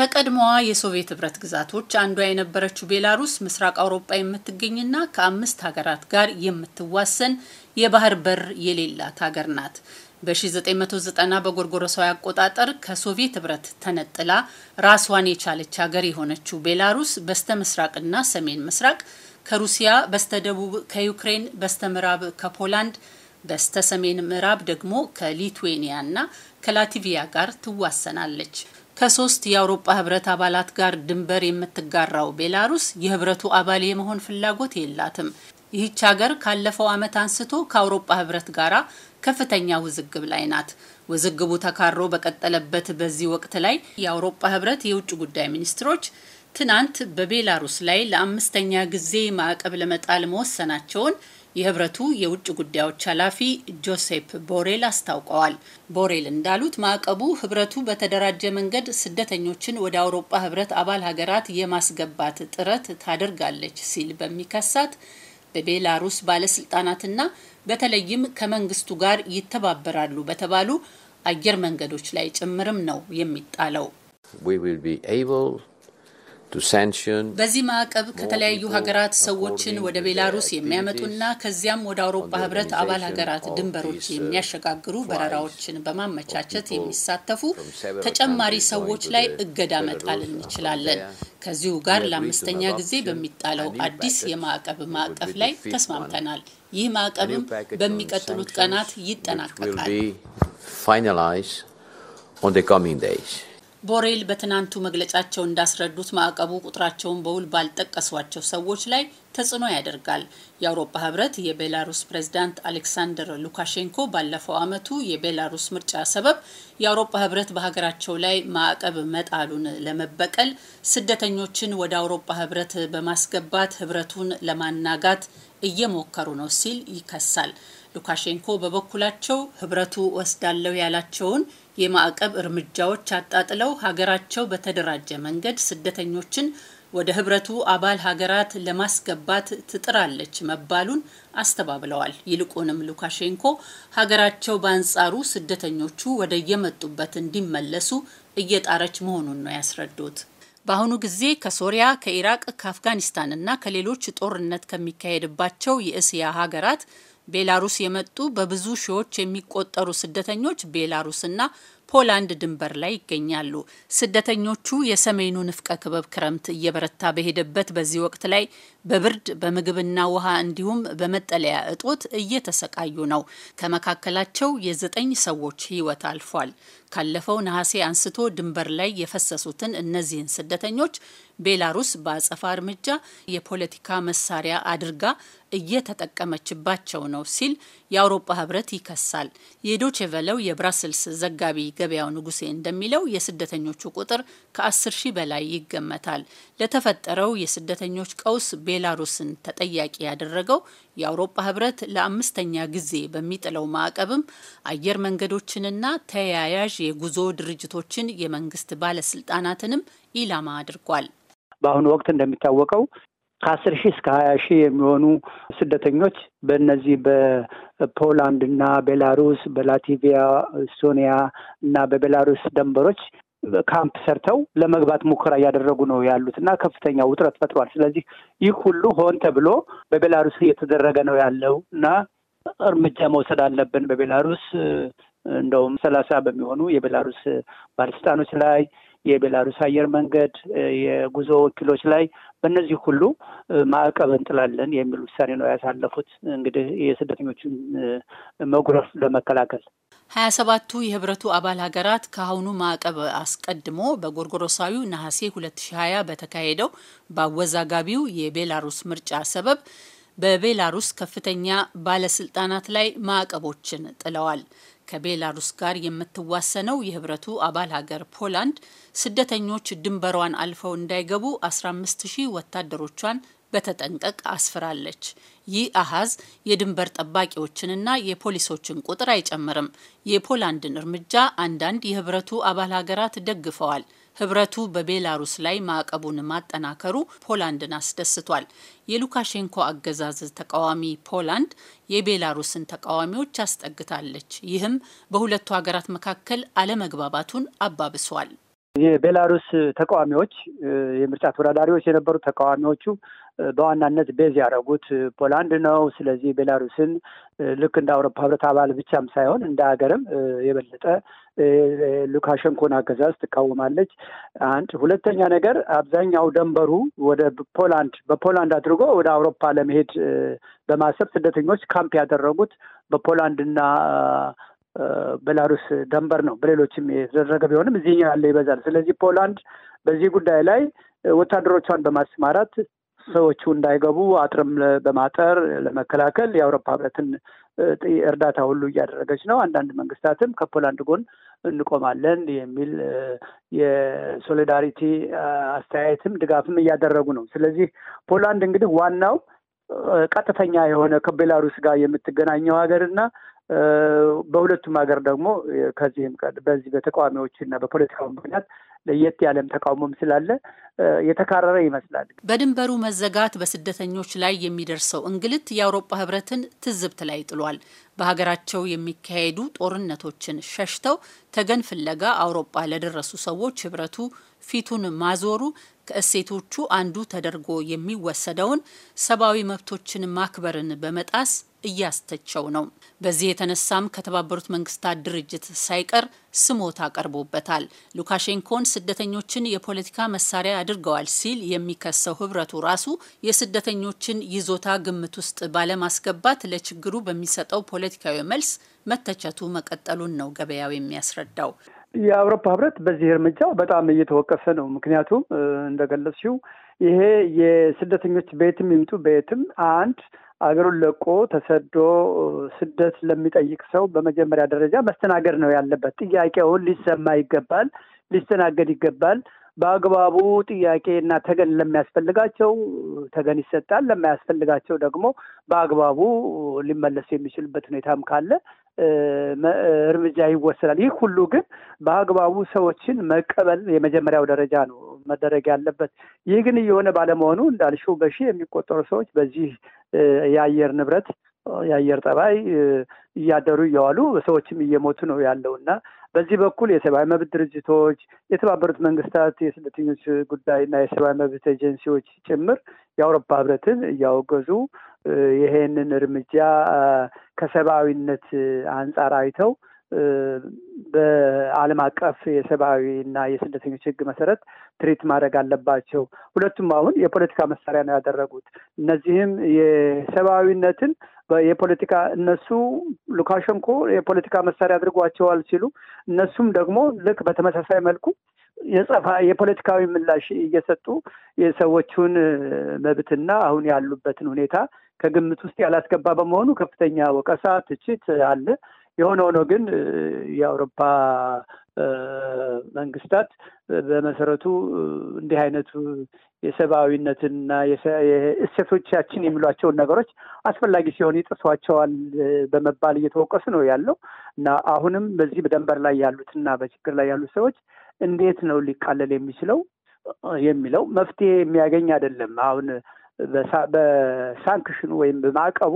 ከቀድሞዋ የሶቪየት ህብረት ግዛቶች አንዷ የነበረችው ቤላሩስ ምስራቅ አውሮፓ የምትገኝና ከአምስት ሀገራት ጋር የምትዋሰን የባህር በር የሌላት ሀገር ናት። በ1990 በጎርጎረሳዊ አቆጣጠር ከሶቪየት ህብረት ተነጥላ ራስዋን የቻለች ሀገር የሆነችው ቤላሩስ በስተ ምስራቅና ሰሜን ምስራቅ ከሩሲያ በስተ ደቡብ ከዩክሬን በስተ ምዕራብ ከፖላንድ በስተ ሰሜን ምዕራብ ደግሞ ከሊትዌኒያና ከላቲቪያ ጋር ትዋሰናለች። ከሶስት የአውሮፓ ህብረት አባላት ጋር ድንበር የምትጋራው ቤላሩስ የህብረቱ አባል የመሆን ፍላጎት የላትም። ይህች ሀገር ካለፈው ዓመት አንስቶ ከአውሮፓ ህብረት ጋር ከፍተኛ ውዝግብ ላይ ናት። ውዝግቡ ተካሮ በቀጠለበት በዚህ ወቅት ላይ የአውሮፓ ህብረት የውጭ ጉዳይ ሚኒስትሮች ትናንት በቤላሩስ ላይ ለአምስተኛ ጊዜ ማዕቀብ ለመጣል መወሰናቸውን የህብረቱ የውጭ ጉዳዮች ኃላፊ ጆሴፕ ቦሬል አስታውቀዋል። ቦሬል እንዳሉት ማዕቀቡ ህብረቱ በተደራጀ መንገድ ስደተኞችን ወደ አውሮፓ ህብረት አባል ሀገራት የማስገባት ጥረት ታደርጋለች ሲል በሚከሳት በቤላሩስ ባለስልጣናትና በተለይም ከመንግስቱ ጋር ይተባበራሉ በተባሉ አየር መንገዶች ላይ ጭምርም ነው የሚጣለው። በዚህ ማዕቀብ ከተለያዩ ሀገራት ሰዎችን ወደ ቤላሩስ የሚያመጡና ከዚያም ወደ አውሮፓ ህብረት አባል ሀገራት ድንበሮች የሚያሸጋግሩ በረራዎችን በማመቻቸት የሚሳተፉ ተጨማሪ ሰዎች ላይ እገዳ መጣል እንችላለን። ከዚሁ ጋር ለአምስተኛ ጊዜ በሚጣለው አዲስ የማዕቀብ ማዕቀፍ ላይ ተስማምተናል። ይህ ማዕቀብም በሚቀጥሉት ቀናት ይጠናቀቃል። ቦሬል በትናንቱ መግለጫቸው እንዳስረዱት ማዕቀቡ ቁጥራቸውን በውል ባልጠቀሷቸው ሰዎች ላይ ተጽዕኖ ያደርጋል። የአውሮፓ ህብረት የቤላሩስ ፕሬዝዳንት አሌክሳንደር ሉካሼንኮ ባለፈው አመቱ የቤላሩስ ምርጫ ሰበብ የአውሮፓ ህብረት በሀገራቸው ላይ ማዕቀብ መጣሉን ለመበቀል ስደተኞችን ወደ አውሮፓ ህብረት በማስገባት ህብረቱን ለማናጋት እየሞከሩ ነው ሲል ይከሳል። ሉካሼንኮ በበኩላቸው ህብረቱ ወስዳለው ያላቸውን የማዕቀብ እርምጃዎች አጣጥለው ሀገራቸው በተደራጀ መንገድ ስደተኞችን ወደ ህብረቱ አባል ሀገራት ለማስገባት ትጥራለች መባሉን አስተባብለዋል። ይልቁንም ሉካሼንኮ ሀገራቸው በአንጻሩ ስደተኞቹ ወደ የመጡበት እንዲመለሱ እየጣረች መሆኑን ነው ያስረዱት። በአሁኑ ጊዜ ከሶሪያ፣ ከኢራቅ፣ ከአፍጋኒስታን እና ከሌሎች ጦርነት ከሚካሄድባቸው የእስያ ሀገራት ቤላሩስ የመጡ በብዙ ሺዎች የሚቆጠሩ ስደተኞች ቤላሩስና ፖላንድ ድንበር ላይ ይገኛሉ። ስደተኞቹ የሰሜኑ ንፍቀ ክበብ ክረምት እየበረታ በሄደበት በዚህ ወቅት ላይ በብርድ በምግብና ውሃ እንዲሁም በመጠለያ እጦት እየተሰቃዩ ነው። ከመካከላቸው የዘጠኝ ሰዎች ሕይወት አልፏል። ካለፈው ነሐሴ አንስቶ ድንበር ላይ የፈሰሱትን እነዚህን ስደተኞች ቤላሩስ በአጸፋ እርምጃ የፖለቲካ መሳሪያ አድርጋ እየተጠቀመችባቸው ነው ሲል የአውሮፓ ህብረት ይከሳል። የዶቼቨለው የብራስልስ ዘጋቢ ገበያው ንጉሴ እንደሚለው የስደተኞቹ ቁጥር ከ10 ሺህ በላይ ይገመታል። ለተፈጠረው የስደተኞች ቀውስ ቤላሩስን ተጠያቂ ያደረገው የአውሮፓ ህብረት ለአምስተኛ ጊዜ በሚጥለው ማዕቀብም አየር መንገዶችንና ተያያዥ የጉዞ ድርጅቶችን የመንግስት ባለስልጣናትንም ኢላማ አድርጓል። በአሁኑ ወቅት እንደሚታወቀው ከአስር ሺህ እስከ ሀያ ሺህ የሚሆኑ ስደተኞች በእነዚህ በፖላንድ እና ቤላሩስ፣ በላቲቪያ፣ ኢስቶኒያ እና በቤላሩስ ደንበሮች ካምፕ ሰርተው ለመግባት ሙከራ እያደረጉ ነው ያሉት እና ከፍተኛ ውጥረት ፈጥሯል። ስለዚህ ይህ ሁሉ ሆን ተብሎ በቤላሩስ እየተደረገ ነው ያለው እና እርምጃ መውሰድ አለብን በቤላሩስ እንደውም ሰላሳ በሚሆኑ የቤላሩስ ባለስልጣኖች ላይ የቤላሩስ አየር መንገድ የጉዞ ወኪሎች ላይ በእነዚህ ሁሉ ማዕቀብ እንጥላለን የሚል ውሳኔ ነው ያሳለፉት። እንግዲህ የስደተኞችን መጉረፍ ለመከላከል ሀያ ሰባቱ የህብረቱ አባል ሀገራት ከአሁኑ ማዕቀብ አስቀድሞ በጎርጎሮሳዊው ነሐሴ ሁለት ሺ ሀያ በተካሄደው በአወዛጋቢው የቤላሩስ ምርጫ ሰበብ በቤላሩስ ከፍተኛ ባለስልጣናት ላይ ማዕቀቦችን ጥለዋል። ከቤላሩስ ጋር የምትዋሰነው የህብረቱ አባል ሀገር ፖላንድ ስደተኞች ድንበሯን አልፈው እንዳይገቡ 15 ሺህ ወታደሮቿን በተጠንቀቅ አስፍራለች። ይህ አሃዝ የድንበር ጠባቂዎችንና የፖሊሶችን ቁጥር አይጨምርም። የፖላንድን እርምጃ አንዳንድ የህብረቱ አባል ሀገራት ደግፈዋል። ህብረቱ በቤላሩስ ላይ ማዕቀቡን ማጠናከሩ ፖላንድን አስደስቷል። የሉካሼንኮ አገዛዝ ተቃዋሚ ፖላንድ የቤላሩስን ተቃዋሚዎች አስጠግታለች። ይህም በሁለቱ ሀገራት መካከል አለመግባባቱን አባብሷል። የቤላሩስ ተቃዋሚዎች የምርጫ ተወዳዳሪዎች የነበሩ ተቃዋሚዎቹ በዋናነት ቤዝ ያደረጉት ፖላንድ ነው። ስለዚህ ቤላሩስን ልክ እንደ አውሮፓ ህብረት አባል ብቻም ሳይሆን እንደ ሀገርም የበለጠ ሉካሸንኮን አገዛዝ ትቃወማለች። አንድ ሁለተኛ ነገር አብዛኛው ደንበሩ ወደ ፖላንድ በፖላንድ አድርጎ ወደ አውሮፓ ለመሄድ በማሰብ ስደተኞች ካምፕ ያደረጉት በፖላንድና ቤላሩስ ደንበር ነው። በሌሎችም የተደረገ ቢሆንም እዚህኛው ያለ ይበዛል። ስለዚህ ፖላንድ በዚህ ጉዳይ ላይ ወታደሮቿን በማስማራት ሰዎቹ እንዳይገቡ አጥርም በማጠር ለመከላከል የአውሮፓ ህብረትን እርዳታ ሁሉ እያደረገች ነው። አንዳንድ መንግስታትም ከፖላንድ ጎን እንቆማለን የሚል የሶሊዳሪቲ አስተያየትም ድጋፍም እያደረጉ ነው። ስለዚህ ፖላንድ እንግዲህ ዋናው ቀጥተኛ የሆነ ከቤላሩስ ጋር የምትገናኘው ሀገር እና በሁለቱም ሀገር ደግሞ ከዚህም በዚህ በተቃዋሚዎች እና በፖለቲካው ምክንያት ለየት ያለም ተቃውሞም ስላለ የተካረረ ይመስላል። በድንበሩ መዘጋት በስደተኞች ላይ የሚደርሰው እንግልት የአውሮፓ ህብረትን ትዝብት ላይ ጥሏል። በሀገራቸው የሚካሄዱ ጦርነቶችን ሸሽተው ተገን ፍለጋ አውሮፓ ለደረሱ ሰዎች ህብረቱ ፊቱን ማዞሩ ከእሴቶቹ አንዱ ተደርጎ የሚወሰደውን ሰብአዊ መብቶችን ማክበርን በመጣስ እያስተቸው ነው። በዚህ የተነሳም ከተባበሩት መንግስታት ድርጅት ሳይቀር ስሞታ ቀርቦበታል። ሉካሼንኮን ስደተኞችን የፖለቲካ መሳሪያ አድርገዋል ሲል የሚከሰው ህብረቱ ራሱ የስደተኞችን ይዞታ ግምት ውስጥ ባለማስገባት ለችግሩ በሚሰጠው ፖለቲካዊ መልስ መተቸቱ መቀጠሉን ነው ገበያው የሚያስረዳው። የአውሮፓ ህብረት በዚህ እርምጃ በጣም እየተወቀሰ ነው። ምክንያቱም እንደገለጽሽው ይሄ የስደተኞች በየትም ይምጡ በየትም አንድ አገሩን ለቆ ተሰዶ ስደት ለሚጠይቅ ሰው በመጀመሪያ ደረጃ መስተናገድ ነው ያለበት። ጥያቄውን ሊሰማ ይገባል፣ ሊስተናገድ ይገባል። በአግባቡ ጥያቄ እና ተገን ለሚያስፈልጋቸው ተገን ይሰጣል፣ ለማያስፈልጋቸው ደግሞ በአግባቡ ሊመለሱ የሚችልበት ሁኔታም ካለ እርምጃ ይወሰዳል። ይህ ሁሉ ግን በአግባቡ ሰዎችን መቀበል የመጀመሪያው ደረጃ ነው። መደረግ ያለበት። ይህ ግን እየሆነ ባለመሆኑ እንዳልሽው በሺ የሚቆጠሩ ሰዎች በዚህ የአየር ንብረት የአየር ጠባይ እያደሩ እየዋሉ ሰዎችም እየሞቱ ነው ያለው እና በዚህ በኩል የሰብአዊ መብት ድርጅቶች፣ የተባበሩት መንግስታት የስደተኞች ጉዳይና የሰብአዊ መብት ኤጀንሲዎች ጭምር የአውሮፓ ህብረትን እያወገዙ ይሄንን እርምጃ ከሰብአዊነት አንጻር አይተው በዓለም አቀፍ የሰብአዊ እና የስደተኞች ሕግ መሰረት ትሪት ማድረግ አለባቸው። ሁለቱም አሁን የፖለቲካ መሳሪያ ነው ያደረጉት። እነዚህም የሰብአዊነትን የፖለቲካ እነሱ ሉካሸንኮ የፖለቲካ መሳሪያ አድርጓቸዋል ሲሉ እነሱም ደግሞ ልክ በተመሳሳይ መልኩ የጸፋ የፖለቲካዊ ምላሽ እየሰጡ የሰዎቹን መብትና አሁን ያሉበትን ሁኔታ ከግምት ውስጥ ያላስገባ በመሆኑ ከፍተኛ ወቀሳ፣ ትችት አለ። የሆነ ሆኖ ግን የአውሮፓ መንግስታት በመሰረቱ እንዲህ አይነቱ የሰብአዊነትና እሴቶቻችን የሚሏቸውን ነገሮች አስፈላጊ ሲሆን ይጥሷቸዋል በመባል እየተወቀሱ ነው ያለው እና አሁንም በዚህ በደንበር ላይ ያሉትና በችግር ላይ ያሉት ሰዎች እንዴት ነው ሊቃለል የሚችለው የሚለው መፍትሄ የሚያገኝ አይደለም። አሁን በሳንክሽኑ ወይም በማዕቀቡ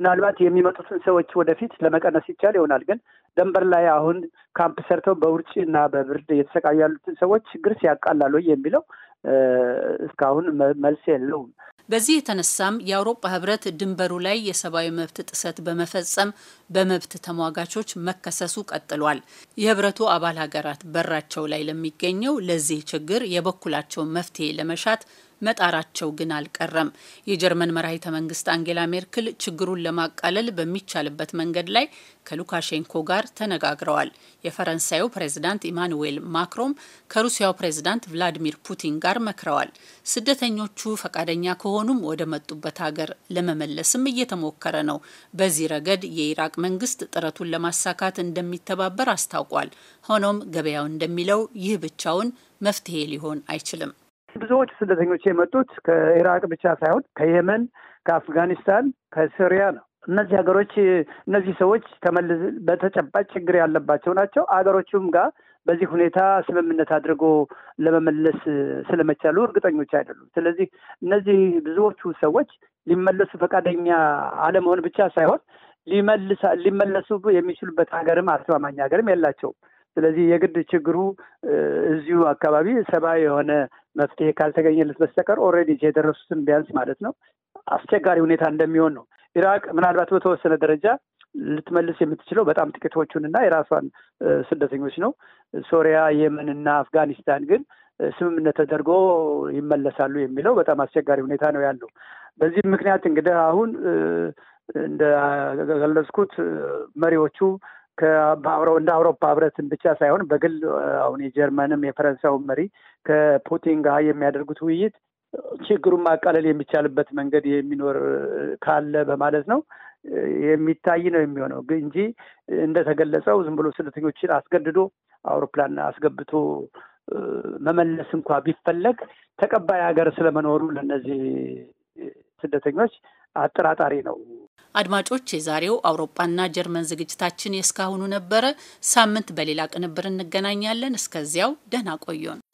ምናልባት የሚመጡትን ሰዎች ወደፊት ለመቀነስ ይቻል ይሆናል። ግን ደንበር ላይ አሁን ካምፕ ሰርተው በውርጭ እና በብርድ የተሰቃዩ ያሉትን ሰዎች ችግር ሲያቃላሉ የሚለው እስካሁን መልስ የለውም። በዚህ የተነሳም የአውሮፓ ህብረት ድንበሩ ላይ የሰብአዊ መብት ጥሰት በመፈጸም በመብት ተሟጋቾች መከሰሱ ቀጥሏል። የህብረቱ አባል ሀገራት በራቸው ላይ ለሚገኘው ለዚህ ችግር የበኩላቸውን መፍትሄ ለመሻት መጣራቸው ግን አልቀረም። የጀርመን መራሂተ መንግስት አንጌላ ሜርክል ችግሩን ለማቃለል በሚቻልበት መንገድ ላይ ከሉካሼንኮ ጋር ተነጋግረዋል። የፈረንሳዩ ፕሬዝዳንት ኢማኑዌል ማክሮም ከሩሲያው ፕሬዝዳንት ቭላዲሚር ፑቲን ጋር መክረዋል። ስደተኞቹ ፈቃደኛ ከሆኑም ወደ መጡበት ሀገር ለመመለስም እየተሞከረ ነው። በዚህ ረገድ የኢራቅ መንግስት ጥረቱን ለማሳካት እንደሚተባበር አስታውቋል። ሆኖም ገበያው እንደሚለው ይህ ብቻውን መፍትሄ ሊሆን አይችልም። ብዙዎች ስደተኞች የመጡት ከኢራቅ ብቻ ሳይሆን ከየመን፣ ከአፍጋኒስታን፣ ከሶሪያ ነው። እነዚህ ሀገሮች እነዚህ ሰዎች ተመልስ በተጨባጭ ችግር ያለባቸው ናቸው። አገሮቹም ጋር በዚህ ሁኔታ ስምምነት አድርጎ ለመመለስ ስለመቻሉ እርግጠኞች አይደሉም። ስለዚህ እነዚህ ብዙዎቹ ሰዎች ሊመለሱ ፈቃደኛ አለመሆን ብቻ ሳይሆን ሊመለሱ የሚችሉበት ሀገርም አስተማማኝ ሀገርም የላቸውም። ስለዚህ የግድ ችግሩ እዚሁ አካባቢ ሰብአዊ የሆነ መፍትሄ ካልተገኘለት በስተቀር ኦልሬዲ የደረሱትን ቢያንስ ማለት ነው አስቸጋሪ ሁኔታ እንደሚሆን ነው። ኢራቅ ምናልባት በተወሰነ ደረጃ ልትመልስ የምትችለው በጣም ጥቂቶቹንና የራሷን ስደተኞች ነው። ሶሪያ፣ የመን እና አፍጋኒስታን ግን ስምምነት ተደርጎ ይመለሳሉ የሚለው በጣም አስቸጋሪ ሁኔታ ነው ያለው። በዚህም ምክንያት እንግዲህ አሁን እንደገለጽኩት መሪዎቹ እንደ አውሮፓ ህብረትን ብቻ ሳይሆን በግል አሁን የጀርመንም የፈረንሳዩ መሪ ከፑቲን ጋር የሚያደርጉት ውይይት ችግሩን ማቃለል የሚቻልበት መንገድ የሚኖር ካለ በማለት ነው የሚታይ ነው የሚሆነው እንጂ እንደተገለጸው ዝም ብሎ ስደተኞችን አስገድዶ አውሮፕላን አስገብቶ መመለስ እንኳ ቢፈለግ ተቀባይ ሀገር ስለመኖሩ ለእነዚህ ስደተኞች አጠራጣሪ ነው። አድማጮች፣ የዛሬው አውሮፓና ጀርመን ዝግጅታችን የእስካሁኑ ነበረ። ሳምንት በሌላ ቅንብር እንገናኛለን። እስከዚያው ደህና ቆዩን።